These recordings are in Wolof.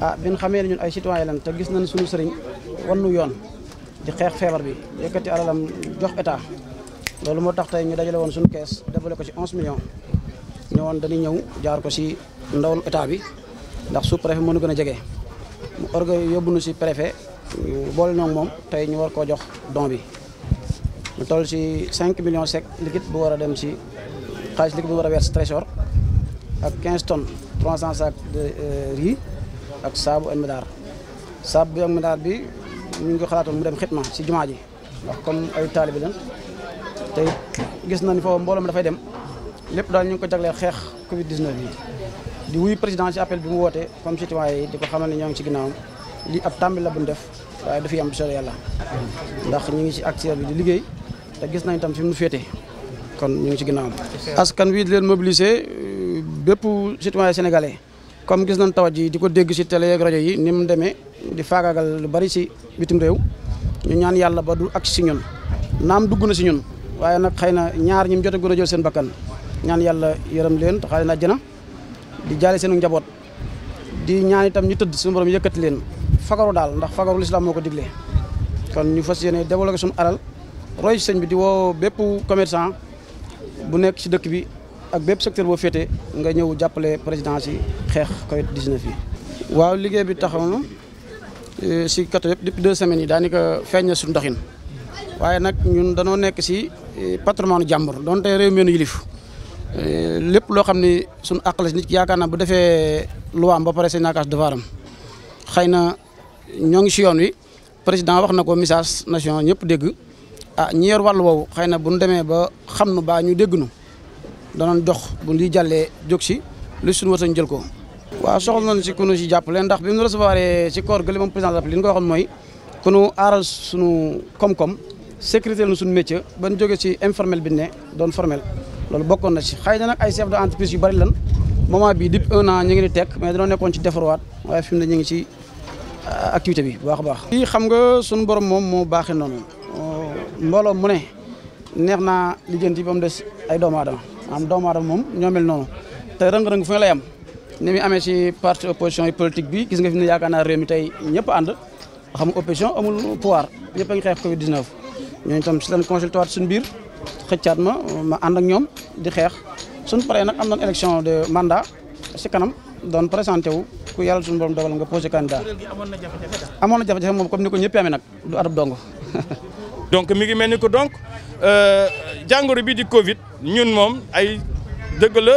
ah bin xamee ne ñun ay citoyen lan te gis nañ suñu sëriñ wannu yoon di xeex feebar bi yëkkati alalam jox état loolu moo tax tey ñu dajale woon suñu kees débale ko ci 11 millions ñu woon dañuy ñëw jaar ko si ndawal état bi ndax sous préfet mënu gën a jege mu orga yóbbu nu si préfet boole noog moom tey ñu war koo jox don bi mu toll si 5 millions sec liquide bu war a dem si xaalis liquide bu war a weer si trésor ak 15 tonnes 300 sacs de euh, riz ak saabu El Médar saabu bi El bi ñu ngi xalaatoon mu dem xitma si jumaa ji ndax comme ay taalibe lañ te gis nañ foofu mbooloo mi dafay dem lépp daal ñu ngi ko jagleel xeex Covid 19 bi di wuy président ci appel bi mu woote comme citoyen yi di ko xamal ne ñoo ngi ci ginnaawam lii ab tàmbali la bu ñu def waaye dafiy am solo yàlla ndax ñu ngi ci acteur bi di liggéey te gis nañ tam fi mu féete kon ñu ngi ci ginnaawam. askan wi di leen mobiliser bépp citoyen sénégalais. comme gis nañ tawat ji di ko dégg si télé yeeg rajo yi ni mu demee di faagaagal lu bari si bitim réew ñu ñaan yàlla ba du ak si ñun naam dugg na si ñun waaye nag xëy na ñaar ñi mu jot a gën a seen bakkan ñaan yàlla yërëm leen taxaale na jëna di jaale seenu njaboot di ñaan itam ñu tëdd suñu borom yëkkati leen fagaru daal ndax fagaru lislaam moo ko diglee kon ñu fas yéene développé suñu alal roy sëñ bi di woo bépp commerçant bu nekk ci dëkk bi ak bépp secteur boo féete nga ñëw jàppale président si xeex Covid 19 yi. waaw liggéey bi taxaw si euh, côté yëpp depuis deux semaines yi daanaka feeñ na suñu doxin waaye nag ñun danoo nekk si euh, patrimoine jàmbur donte réew mi yilif euh, lépp loo xam ne suñu àq si nit yaakaar naa bu defee loi ba pare seen naakaas devoir am xëy na ñoo ngi si yoon wi président wax na ko missage nation ñëpp dégg ah ñi yor wàll woowu xëy na bu ñu demee ba xam nu baa ñu dégg nu dana dox bu lii jàllee jóg si lu suñu watañ jël ko waaw soxla nañ si kunu jàpp leen ndax bi mu recevoir si koor gële moom président li ñu ko waxoon mooy kunu suñu koom-koom la suñu métier ban jóge si informel bi ne doon formel loolu bokkoon na si xëy na nag ay chef d'entreprise yu bari lan moment bii depuis un an ñu ngi ni tekk mais nekkoon ci defarwaat waaye fi mu ne ñu ngi ci euh, activité bi baax a baax fii xam nga suñu borom moom moo baaxee noonu euh, mbooloo mu ne neex naa lijjanti ba mu des ay doomu aadama am doom adam mom ñoo mel non te rëng-rëng fu lay am ni mi amé ci parti opposition et politique bi gis nga fi ñu yaakaar réew mi tay ñepp and xam opposition amul pouvoir ñepp ngi xex covid 19 ñoo tam ci lan consulté suñu bir xëccat ma ma and ak ñom di xex suñu paré nak am nañ élection de mandat ci kanam don présenté wu ku yalla suñu borom dogal nga posé candidat amoon na jafé jafé mom comme ni ko ñëpp amee nag du arab dong donc mi ngi melni ko donc Euh, jàngoro bi di Covid ñun mom ay deug la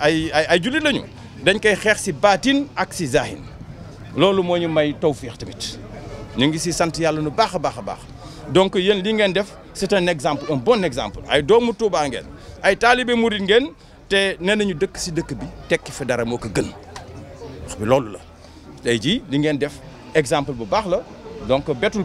ay ay ay lañu dañ koy xex ci ak ci zahin lolu may tawfiq tamit ñu ngi nu donc c'est un exemple un bon exemple ay doomu Touba ngeen ay talibé ngeen te nee dëkk ci dëkk bi tekki fi dara exemple bu donc betul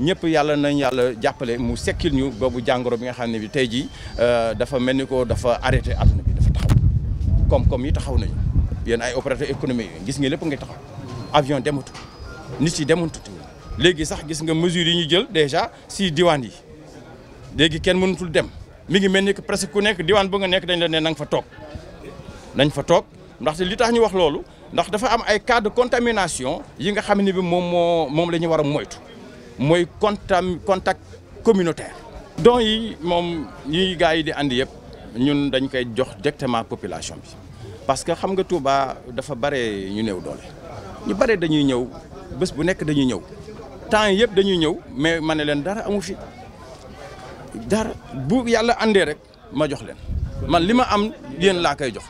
ñëpp yàlla nañ yàlla jàppale mu sekkil ñu boobu jàngoro bi nga xam ne bi tey jii euh, dafa mel ni ko dafa arrêté àdduna bi dafa taxaw koom-koom yi taxaw nañu yéen ay opérateur yi gis nga lépp ngay taxaw avion dematu nit yi demututu léegi sax gis nga mesures yi ñu jël déjà si diwaan yi léegi kenn mënutul dem mi ngi mel ni que presque ku nekk diwaan bu nga nekk dañ la ne nanga fa toog nañ fa toog ndaxte li tax ñu wax loolu ndax dafa am ay cas de contamination yi nga xam ne bi moom moo moom la ñu war a moytu moy contam contact communautaire. dons yi mom ñi gaay di andi yëpp ñun dañ koy jox directement population bi parce que xam nga Touba dafa bare ñu néew doole ñu bare dañuy ñëw bëss bu nek dañuy ñëw temps yëpp dañuy ñëw mais mané len dara amu fi dara bu yalla andé rek ma jox len man lima am yéen la kay jox.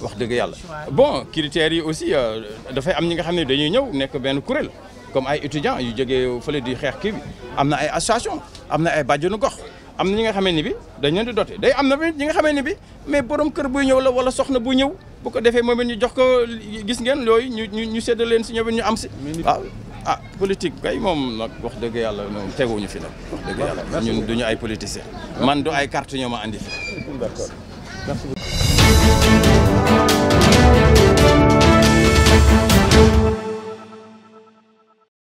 wax deug yalla bon critère yi aussi euh, da fay am ñi nga xam dañuy ñëw nek ben kuréel. comme ay étudiants yu jógee fële di xeex kii am na ay association am na ay bàjjenu gox am na ñi nga xamee ni bi dañ ne di dote day am na ñi nga xamee ni bi mais borom kër buy ñëw la wala soxna bu ñëw bu ko defee moom it ñu jox ko gis ngeen looy ñu ñu ñu séddale leen si ñoom ñu am si. waaw ah politique kay moom nag wax dëgg yàlla moom ñu fi nag. wax dëgg duñu ay politiciens. man du ay carte ñoo ma andi fi. d'accord merci